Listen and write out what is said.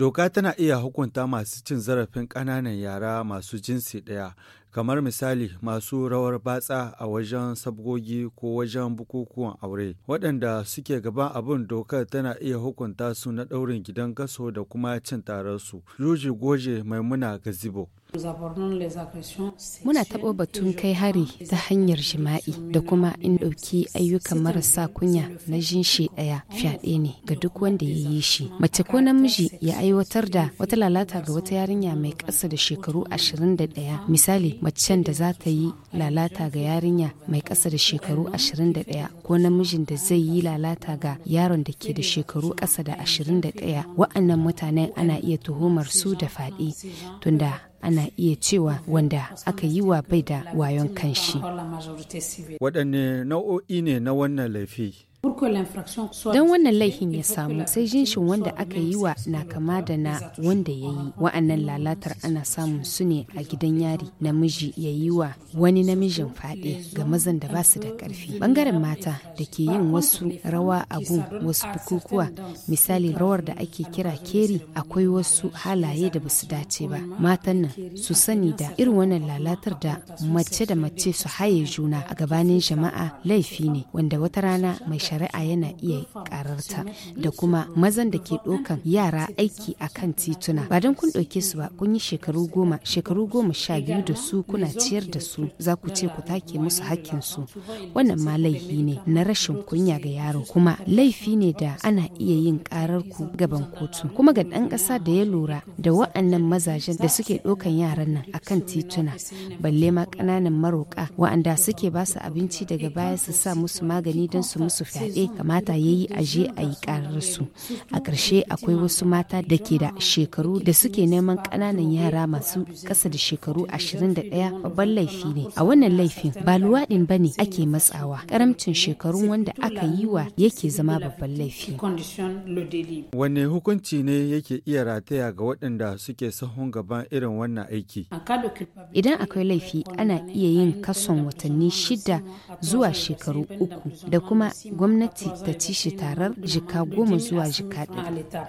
Doka tana iya hukunta masu cin zarafin ƙananan yara masu jinsi ɗaya kamar misali masu rawar batsa a wajen sabgogi ko wajen bukukuwan aure waɗanda suke gaban abin dokar tana iya hukunta su na ɗaurin gidan kaso da kuma cin tararsu yuji goje maimuna gazibo Muna taɓo batun kai hari ta hanyar jima'i da kuma in ɗauki ayyukan marasa kunya na jinshi ɗaya fyaɗe ne ga duk wanda ya yi shi. Mace ko namiji ya aiwatar da wata lalata ga wata yarinya mai ƙasa da shekaru 21 misali macen da za ta yi lalata ga yarinya mai ƙasa da shekaru 21 ko namijin da zai yi lalata ga yaron da ke da shekaru ƙasa da 21 wa'annan mutanen ana iya tuhumar su da faɗi tunda ana iya cewa wanda aka yi wa bai da wayon kanshi. Waɗanne nau'o'i ne na wannan laifi? Don wannan laifin ya samu sai jinshin wanda aka yi wa na kama da na wanda ya yi. Wa'annan lalatar ana samun su ne a gidan yari namiji ya yi wa wani namijin fade ga mazan da ba su da karfi. Bangaren mata da ke yin wasu rawa a gun wasu bukukuwa misali rawar da ake kira keri akwai wasu halaye da ba su dace ba. Matan nan su sani da irin wannan lalatar da mace da mace su haye juna a gabanin jama'a laifi ne wanda wata rana mai shari'a shari'a yana iya kararta da kuma mazan da ke ɗaukan yara aiki a kan tituna ba don kun ɗauke su ba kun yi shekaru goma shekaru goma sha biyu da su kuna ciyar da su za ku ce ku take musu su wannan ma laifi ne na rashin kunya ga yaro kuma laifi ne da ana iya yin karar ku gaban kotu kuma ga ɗan ƙasa da ya lura da wa'annan mazajen da suke ɗaukan yaran nan akan tituna balle ma ƙananan maroƙa wa'anda suke ba su abinci daga baya su sa musu magani don su musu fyaɗe ya eh, kamata ya yi aje a yi ƙararsu. A ƙarshe akwai wasu mata da ke da shekaru da suke neman ƙananan yara masu ƙasa da shekaru ashirin da ɗaya babban laifi ne. A wannan laifin ba luwaɗin ba ne ake matsawa. Karamcin shekarun wanda aka yi wa yake zama babban laifi. wani hukunci ne yake iya rataya ga waɗanda suke sahun gaban irin wannan aiki? Idan akwai laifi ana iya yin kason watanni shida zuwa shekaru uku da kuma gwamnati gwamnati ta ci shi tarar jika goma zuwa jika ɗaya.